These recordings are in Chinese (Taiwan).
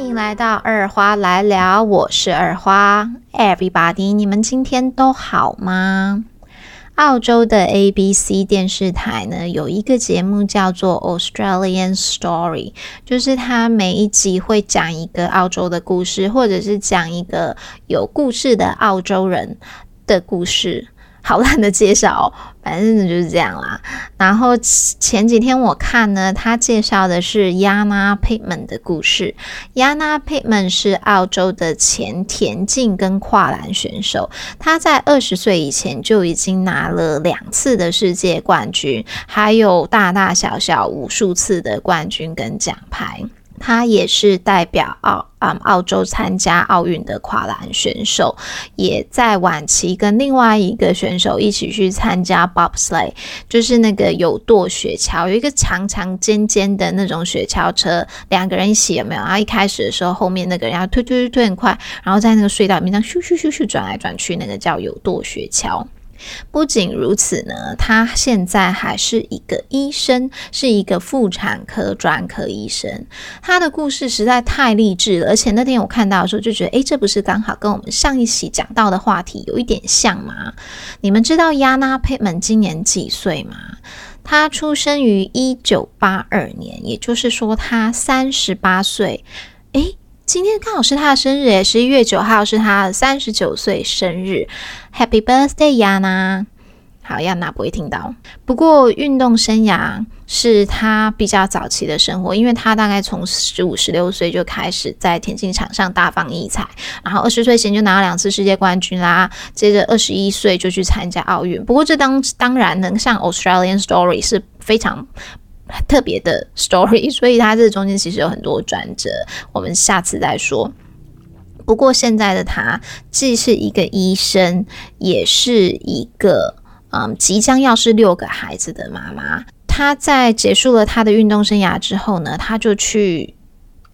歡迎來到二花來聊，我是二花，everybody，你們今天都好嗎？澳洲的 ABC 電視台呢，有一個節目叫做 Australian Story，就是它每一集會講一個澳洲的故事，或者是講一個有故事的澳洲人的故事。好爛的介紹哦。反正就是這樣啦。然後前幾天我看呢，他介紹的是亞 m 佩 n 的故事。亞 m 佩 n 是澳洲的前田徑跟跨欄選手，他在二十歲以前就已經拿了兩次的世界冠軍，還有大大小小無數次的冠軍跟獎牌。他也是代表澳啊、嗯、澳洲參加奧運的跨欄選手，也在晚期跟另外一個選手一起去參加 bobsleigh，就是那個有舵雪橇，有一個長長尖尖的那種雪橇車，兩個人一起有沒有？然後一開始的時候，後面那個人要推推推推很快，然後在那個隧道裡面這樣咻咻咻咻轉來轉去，那個叫有舵雪橇。不僅如此呢，他現在還是一個醫生，是一個婦產科專科醫生。他的故事實在太勵志了，而且那天我看到的時候就覺得，誒，這不是剛好跟我們上一期講到的話題有一點像嗎？你們知道 Jana Pittman 今年幾歲嗎？他出生於一九八二年，也就是說他三十八歲。誒。今天剛好是他的生日，誒，十一月九號是他三十九歲生日，Happy birthday，亞娜！好，亞娜不會聽到。不過運動生涯是他比較早期的生活，因為他大概從十五、十六歲就開始在田徑場上大放異彩，然後二十歲前就拿了兩次世界冠軍啦，接着二十一歲就去參加奧運。不過這當當然能像 Australian Story 是非常。特別的 story，所以他這中間其實有很多轉折，我們下次再說。不過現在的他既是一個醫生，也是一個嗯即將要是六個孩子的媽媽。他在結束了他的運動生涯之後呢，他就去。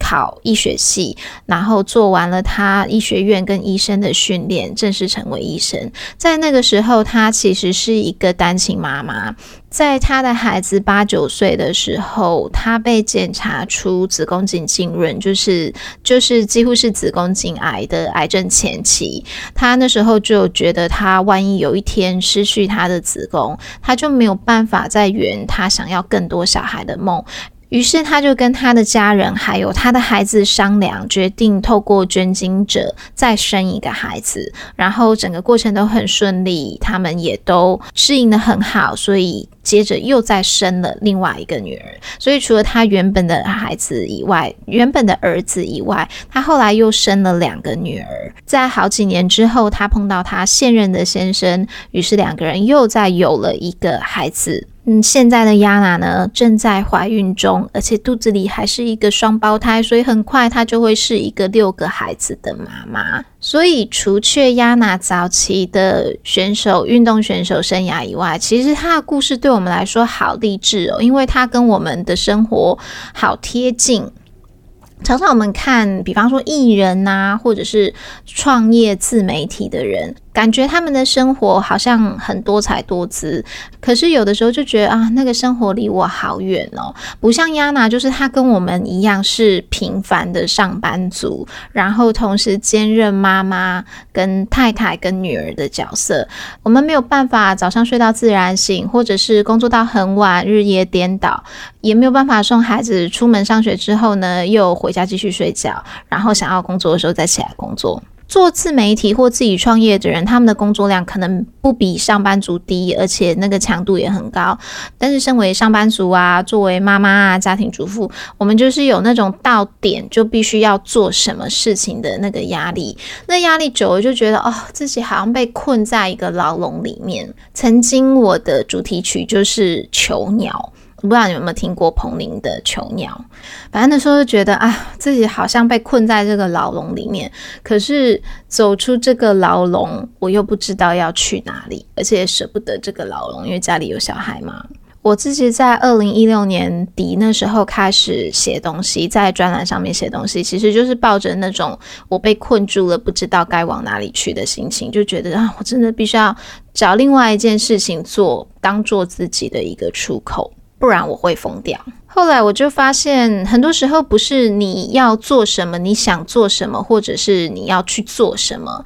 考醫學系，然後做完了他醫學院跟醫生的訓練，正式成為醫生。在那個時候，他其實是一個單親媽媽。在她的孩子八九歲的時候，她被檢查出子宮頸浸潤，就是就是幾乎是子宮頸癌的癌症前期。她那時候就覺得，她萬一有一天失去她的子宮，她就沒有辦法再圓她想要更多小孩的夢。於是他就跟他的家人還有他的孩子商量，決定透過捐精者再生一個孩子，然後整個過程都很順利，他們也都適應得很好，所以接着又再生了另外一個女兒。所以除了他原本的孩子以外，原本的兒子以外，他後來又生了兩個女兒。在好幾年之後，他碰到他現任的先生，於是兩個人又再有了一個孩子。嗯，現在的亞娜呢，正在懷孕中，而且肚子裡還是一個雙胞胎，所以很快她就會是一個六個孩子的媽媽。所以，除卻亞娜早期的選手、運動選手生涯以外，其實她的故事對我們來說好勵志哦，因為她跟我們的生活好貼近。常常我們看，比方說藝人吶、啊，或者是創業自媒體的人。感覺他們的生活好像很多彩多姿，可是有的時候就覺得啊，那個生活離我好遠哦。不像亞娜，就是她跟我們一樣是平凡的上班族，然後同時兼任媽媽、跟太太、跟女兒的角色。我們沒有辦法早上睡到自然醒，或者是工作到很晚，日夜顛倒，也沒有辦法送孩子出門上學之後呢，又回家繼續睡覺，然後想要工作的時候再起來工作。做自媒體或自己創業的人，他們的工作量可能不比上班族低，而且那個強度也很高。但是，身為上班族啊，作為媽媽啊，家庭主婦，我們就是有那種到點就必須要做什麼事情的那個壓力。那壓力久了，就覺得哦，自己好像被困在一個牢籠裡面。曾經我的主題曲就是《囚鳥》。我不知道你有沒有聽過彭羚的《囚鳥》。反正那時候就覺得啊，自己好像被困在這個牢籠裡面，可是走出這個牢籠，我又不知道要去哪裡，而且也捨不得這個牢籠，因為家裡有小孩嘛。我自己在二零一六年底那時候開始寫東西，在專欄上面寫東西，其實就是抱着那種我被困住了，不知道該往哪裡去的心情，就覺得啊，我真的必須要找另外一件事情做，當做自己的一個出口。不然我會瘋掉。後來我就發現，很多時候不是你要做什麼、你想做什麼，或者是你要去做什麼，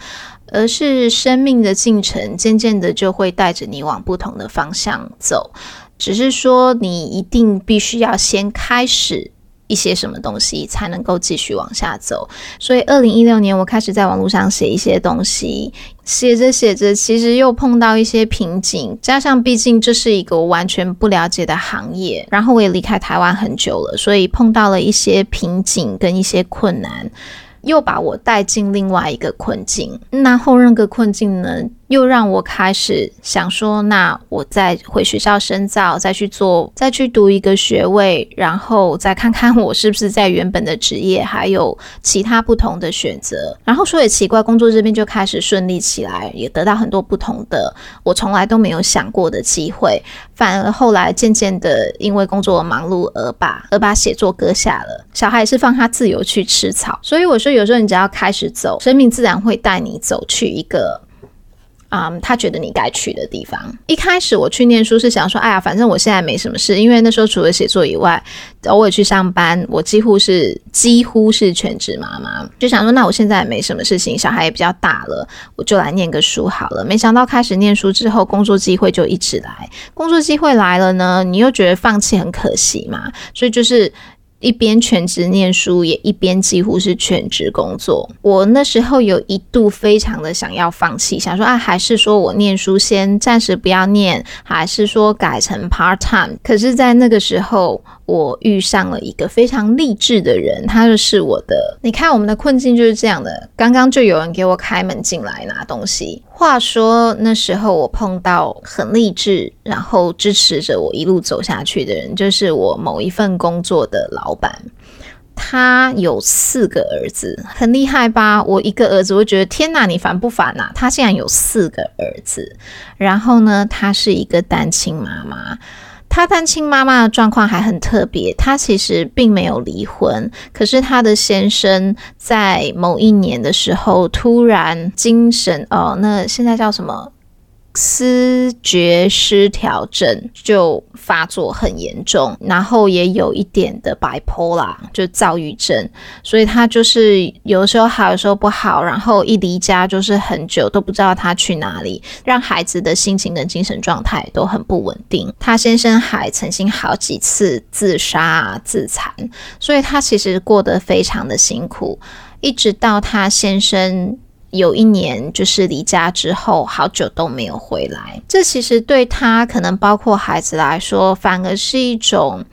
而是生命的進程漸漸的就會帶着你往不同的方向走。只是說，你一定必須要先開始。一些什麼東西才能夠繼續往下走？所以，二零一六年我開始在網絡上寫一些東西，寫着寫着，其實又碰到一些瓶頸，加上畢竟這是一個我完全不了解的行業，然後我也離開台灣很久了，所以碰到了一些瓶頸跟一些困難，又把我帶進另外一個困境。那後任個困境呢？又讓我開始想說，那我再回學校深造，再去做，再去讀一個學位，然後再看看我是不是在原本的職業，還有其他不同的選擇。然後說也奇怪，工作這邊就開始順利起來，也得到很多不同的我從來都沒有想過的機會。反而後來漸漸的，因為工作忙碌而把而把寫作擱下了。小孩也是放他自由去吃草，所以我說，有時候你只要開始走，生命自然會帶你走去一個。啊，um, 他覺得你該去的地方。一開始我去念書是想說，哎呀，反正我現在沒什麼事，因為那時候除了寫作以外，偶爾去上班，我幾乎是幾乎是全職媽媽，就想說，那我現在也沒什麼事情，小孩也比較大了，我就來念個書好了。沒想到開始念書之後，工作機會就一直來，工作機會來了呢，你又覺得放棄很可惜嘛，所以就是。一邊全職念書，也一邊幾乎是全職工作。我那時候有一度非常的想要放棄，想說啊，還是說我念書先暫時不要念，還是說改成 part time。可是在那個時候。我遇上了一個非常勵志的人，他就是我的。你看，我們的困境就是這樣的。剛剛就有人給我開門進來拿東西。話說那時候我碰到很勵志，然後支持着我一路走下去的人，就是我某一份工作的老闆。他有四個兒子，很厲害吧？我一個兒子，我覺得天哪，你煩不煩吶啊？他竟然有四個兒子，然後呢，他是一個單親媽媽。她單親媽媽的狀況還很特別，她其實並沒有離婚，可是她的先生在某一年的時候突然精神，哦，那現在叫什麼？思覺失調症就發作很嚴重，然後也有一點的 bipolar，就躁鬱症，所以他就是有時候好，有時候不好，然後一離家就是很久都不知道他去哪裡，讓孩子的心情跟精神狀態都很不穩定。他先生還曾經好幾次自殺自殘，所以他其實過得非常的辛苦，一直到他先生，有一年，就是離家之後，好久都沒有回來。這其實對他，可能包括孩子來說，反而是一種，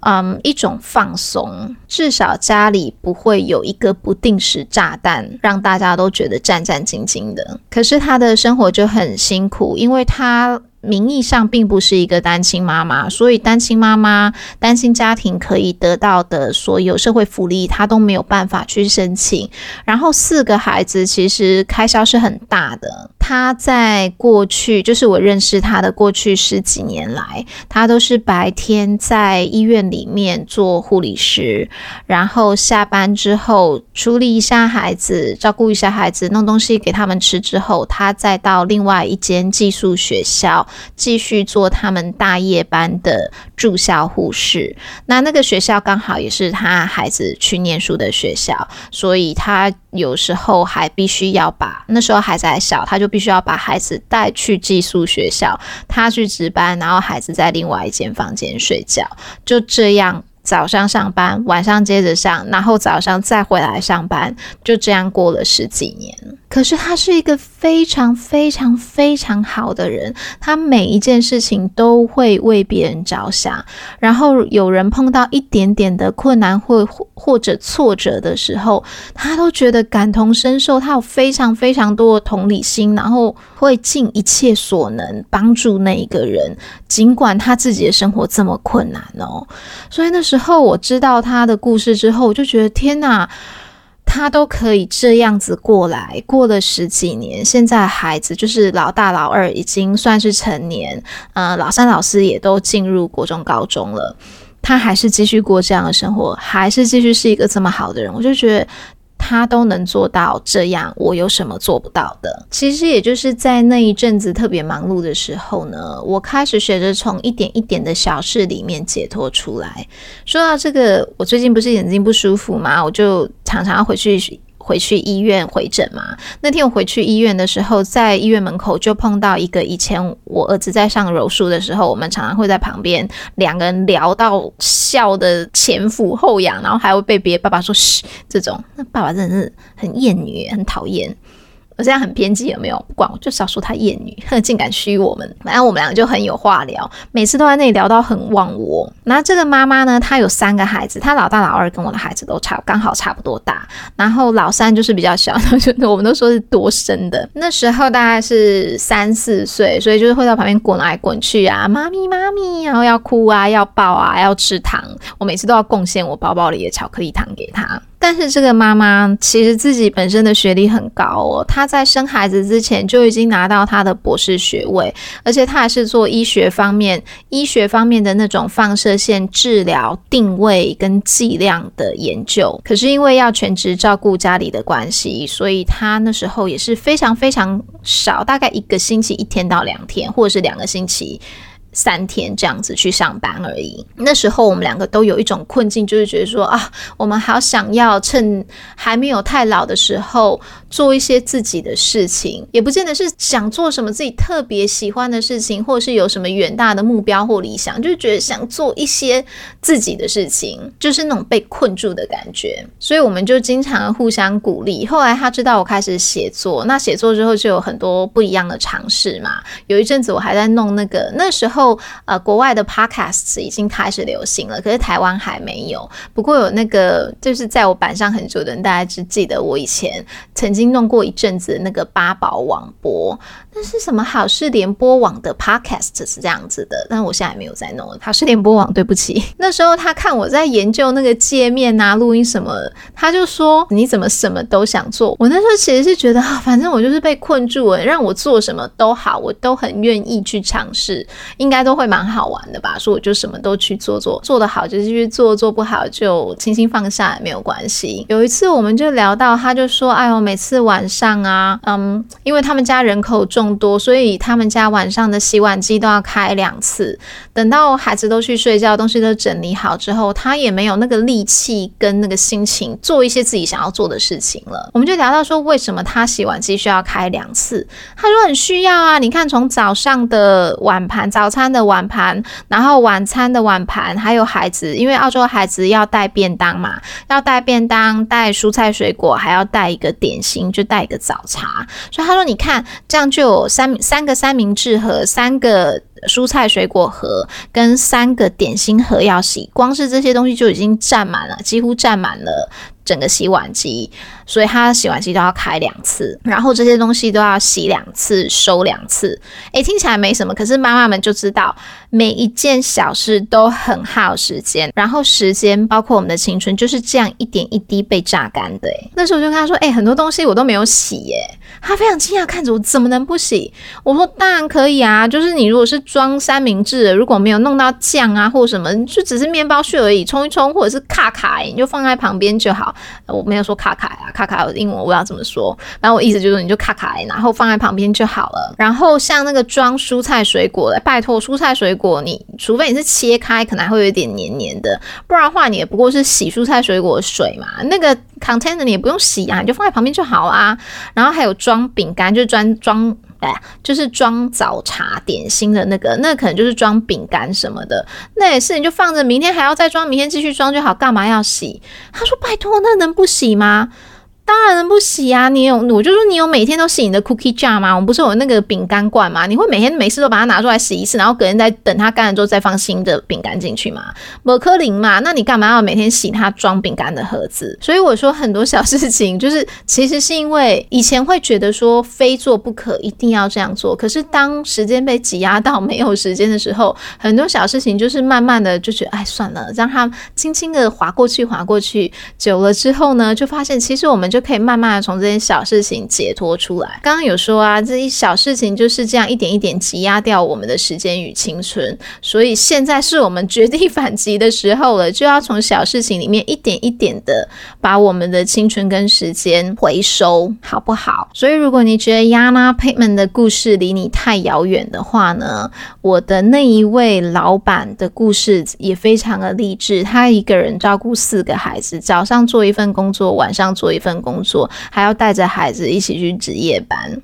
嗯，一種放鬆。至少家裡不會有一個不定時炸彈，讓大家都覺得戰戰兢兢的。可是他的生活就很辛苦，因為他。名義上並不是一個單親媽媽，所以單親媽媽、單親家庭可以得到的所有社會福利，她都沒有辦法去申請。然後四個孩子其實開銷是很大的。他在過去，就是我認識他的過去十幾年來，他都是白天在醫院裡面做護理師，然後下班之後處理一下孩子，照顧一下孩子，弄東西給他們吃之後，他再到另外一間寄宿學校繼續做他們大夜班的住校護士。那那個學校剛好也是他孩子去念書的學校，所以他。有時候還必須要把，那時候孩子還小，他就必須要把孩子帶去寄宿學校。他去值班，然後孩子在另外一間房間睡覺。就這樣，早上上班，晚上接着上，然後早上再回來上班。就這樣過了十幾年。可是他是一個。非常非常非常好的人，他每一件事情都會為別人着想。然後有人碰到一點點的困難或或者挫折的時候，他都覺得感同身受，他有非常非常多的同理心，然後會盡一切所能幫助那一個人，儘管他自己的生活這麼困難哦。所以那時候我知道他的故事之後，我就覺得天哪！他都可以這樣子過來，過了十幾年，現在孩子就是老大、老二已經算是成年，呃，老三、老四也都進入國中、高中了，他還是繼續過這樣的生活，還是繼續是一個這麼好的人，我就覺得。他都能做到這樣，我有什麼做不到的？其實也就是在那一陣子特別忙碌的時候呢，我開始學着從一點一點的小事裡面解脫出來。說到這個，我最近不是眼睛不舒服嗎？我就常常要回去。回去醫院回診嘛？那天我回去醫院的時候，在醫院門口就碰到一個以前我兒子在上柔術的時候，我們常常會在旁邊兩個人聊到笑得前俯後仰，然後還會被別爸爸說“噓”，這種那爸爸真的是很厭女，很討厭。我現在很偏激，有沒有？不管，我就是要說她厭女，哼，竟敢噓我們。反、啊、正我們兩個就很有話聊，每次都在那裡聊到很忘我。那這個媽媽呢，她有三個孩子，她老大、老二跟我的孩子都差剛好差不多大，然後老三就是比較小，就我們都說是多生的。那時候大概是三四歲，所以就是會到旁邊滾來滾去啊，媽咪媽咪，然後要哭啊，要抱啊，要吃糖。我每次都要貢獻我包包裡的巧克力糖給她。但是這個媽媽其實自己本身的學歷很高哦，她在生孩子之前就已經拿到她的博士學位，而且她還是做醫學方面、醫學方面的那種放射線治療定位跟劑量的研究。可是因為要全職照顧家裡的關係，所以她那時候也是非常非常少，大概一個星期一天到兩天，或者是兩個星期。三天這樣子去上班而已。那時候我們兩個都有一種困境，就是覺得說啊，我們好想要趁還沒有太老的時候。做一些自己的事情，也不見得是想做什麼自己特別喜歡的事情，或者是有什麼遠大的目標或理想，就是覺得想做一些自己的事情，就是那種被困住的感覺。所以我們就經常互相鼓勵。後來他知道我開始寫作，那寫作之後就有很多不一樣的嘗試嘛。有一陣子我還在弄那個，那時候呃，國外的 podcasts 已經開始流行了，可是台灣還沒有。不過有那個就是在我板上很久的人，大家只記得我以前曾經。弄過一陣子那個八寶網播，那是什麼，好，好事聯播網的 podcast 是這樣子的，但我現在也沒有在弄。好事聯播網，對不起。 那時候他看我在研究那個界面啊，錄音什麼，他就說：“你怎麼什麼都想做？”我那時候其實是覺得、哦，反正我就是被困住了，讓我做什麼都好，我都很願意去嘗試，應該都會蠻好玩的吧。所以我就什麼都去做做，做得好就繼、是、續做，做不好就輕輕放下也沒有關係。有一次我們就聊到，他就說：“哎呦，每次。”是晚上啊，嗯，因為他們家人口眾多，所以他們家晚上的洗碗機都要開兩次。等到孩子都去睡覺，東西都整理好之後，他也沒有那個力氣跟那個心情做一些自己想要做的事情了。我們就聊到說，為什麼他洗碗機需要開兩次？他說很需要啊。你看，從早上的碗盤、早餐的碗盤，然後晚餐的碗盤，還有孩子，因為澳洲孩子要帶便當嘛，要帶便當，帶蔬菜水果，還要帶一個點心。就帶一個早茶，所以他說：“你看，這樣就有三三個三明治和三個。”蔬菜水果盒跟三個點心盒要洗，光是這些東西就已經占滿了，幾乎占滿了整個洗碗機，所以他洗碗機都要開兩次，然後這些東西都要洗兩次，收兩次。哎、欸，聽起來沒什麼，可是媽媽們就知道每一件小事都很耗時間，然後時間包括我們的青春就是這樣一點一滴被榨乾的、欸。那時候我就跟他說，哎、欸，很多東西我都沒有洗、欸，哎，他非常驚訝看着我，怎麼能不洗？我說當然可以啊，就是你如果是。裝三明治的，如果沒有弄到醬啊或什麼，就只是麵包屑而已，沖一沖或者是卡卡、欸，你就放在旁邊就好。我沒有說卡卡呀、啊，卡卡我英文我不知道怎麼說，反正我意思就是你就卡卡、欸，然後放在旁邊就好了。然後像那個裝蔬菜水果的，拜託蔬菜水果，水果你除非你是切開，可能還會有點黏黏的，不然的話你也不過是洗蔬菜水果的水嘛，那個 container 你也不用洗啊，你就放在旁邊就好啊。然後還有裝餅乾，就是專裝。啊，就是裝早茶點心的那個，那可能就是裝餅乾什麼的，那也是，你就放着，明天還要再裝，明天繼續裝就好，幹嘛要洗？他說：“拜託，那能不洗嗎？”當然不洗啊！你有我就說你有每天都洗你的 cookie jar 嗎？我們不是有那個餅乾罐嗎？你會每天每次都把它拿出來洗一次，然後隔天再等它乾了之後再放新的餅乾進去嗎？抹克林嘛，那你幹嘛要每天洗它裝餅乾的盒子？所以我說很多小事情就是其實是因為以前會覺得說非做不可，一定要這樣做。可是當時間被擠壓到沒有時間的時候，很多小事情就是慢慢的就覺得哎算了，讓它輕輕的滑過去，滑過去。久了之後呢，就發現其實我們。就可以慢慢的從這些小事情解脫出來。剛剛有說啊，這一小事情就是這樣一點一點擠壓掉我們的時間與青春，所以現在是我們決定反擊的時候了，就要從小事情裡面一點一點的把我們的青春跟時間回收，好不好？所以如果你覺得亞拉佩 t 的故事離你太遙遠的話呢，我的那一位老闆的故事也非常的勵志，他一個人照顧四個孩子，早上做一份工作，晚上做一份工作。工作還要帶着孩子一起去值夜班，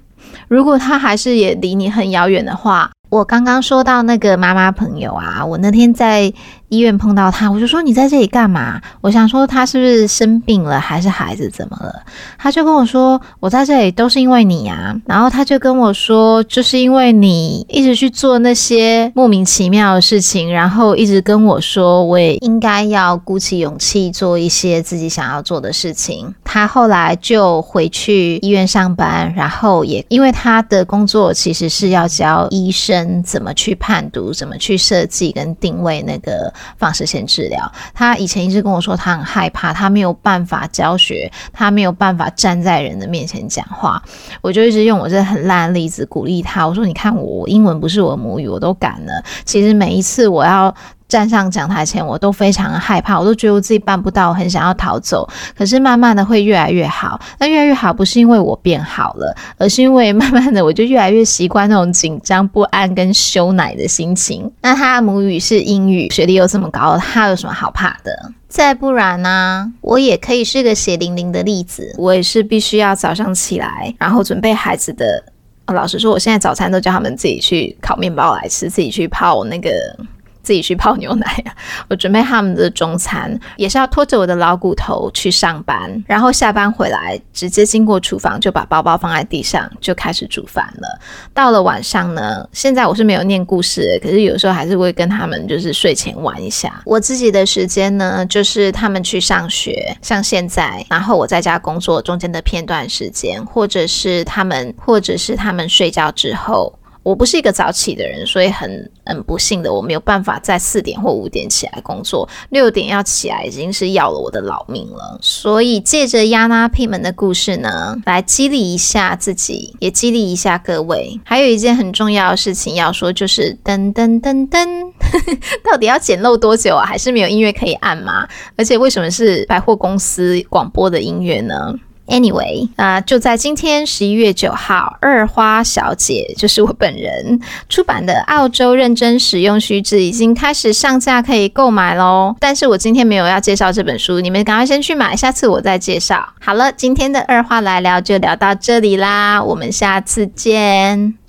如果他還是也離你很遙遠的話，我剛剛說到那個媽媽朋友啊，我那天在。醫院碰到他，我就說你在這裡幹嘛？我想說他是不是生病了，還是孩子怎麼了？他就跟我說，我在這裡都是因為你啊。然後他就跟我說，就是因為你一直去做那些莫名其妙的事情，然後一直跟我說，我也應該要鼓起勇氣做一些自己想要做的事情。他後來就回去醫院上班，然後也因為他的工作其實是要教醫生怎麼去判讀、怎麼去設計跟定位那個。放射線治療，他以前一直跟我說他很害怕，他沒有辦法教學，他沒有辦法站在人的面前講話。我就一直用我這很爛的例子鼓勵他，我說，你看我，我英文不是我的母語，我都敢了。其實每一次我要站上講台前，我都非常害怕，我都覺得我自己辦不到，很想要逃走。可是慢慢的會越來越好，那越來越好不是因為我變好了，而是因為慢慢的我就越來越習慣那種緊張、不安跟羞赧的心情。那他的母語是英語，學歷又這麼高，他有什麼好怕的？再不然呢、啊，我也可以是個血淋淋的例子。我也是必須要早上起來，然後準備孩子的。哦、老實說，我現在早餐都叫他們自己去烤麵包來吃，自己去泡那個。自己去泡牛奶啊，我準備他們的中餐，也是要拖着我的老骨頭去上班，然後下班回來直接經過廚房就把包包放在地上就開始煮飯了。到了晚上呢，現在我是沒有念故事，可是有時候還是會跟他們就是睡前玩一下。我自己的時間呢，就是他們去上學，像現在，然後我在家工作中間的片段時間，或者是他們，或者是他們睡覺之後。我不是一個早起的人，所以很很不幸的，我沒有辦法在四點或五點起來工作，六點要起來已經是要了我的老命了。所以借着 Jana Pittman 的故事呢，來激勵一下自己，也激勵一下各位。還有一件很重要的事情要說，就是噔噔噔噔，到底要撿漏多久啊？還是沒有音樂可以按嗎？而且為什麼是百貨公司廣播的音樂呢？Anyway，啊、呃，就在今天十一月九號，二花小姐就是我本人出版的《澳洲認真使用須知》已經開始上架，可以購買嘍。但是我今天沒有要介紹這本書，你們趕快先去買，下次我再介紹。好了，今天的二花來聊就聊到這裡啦，我們下次見。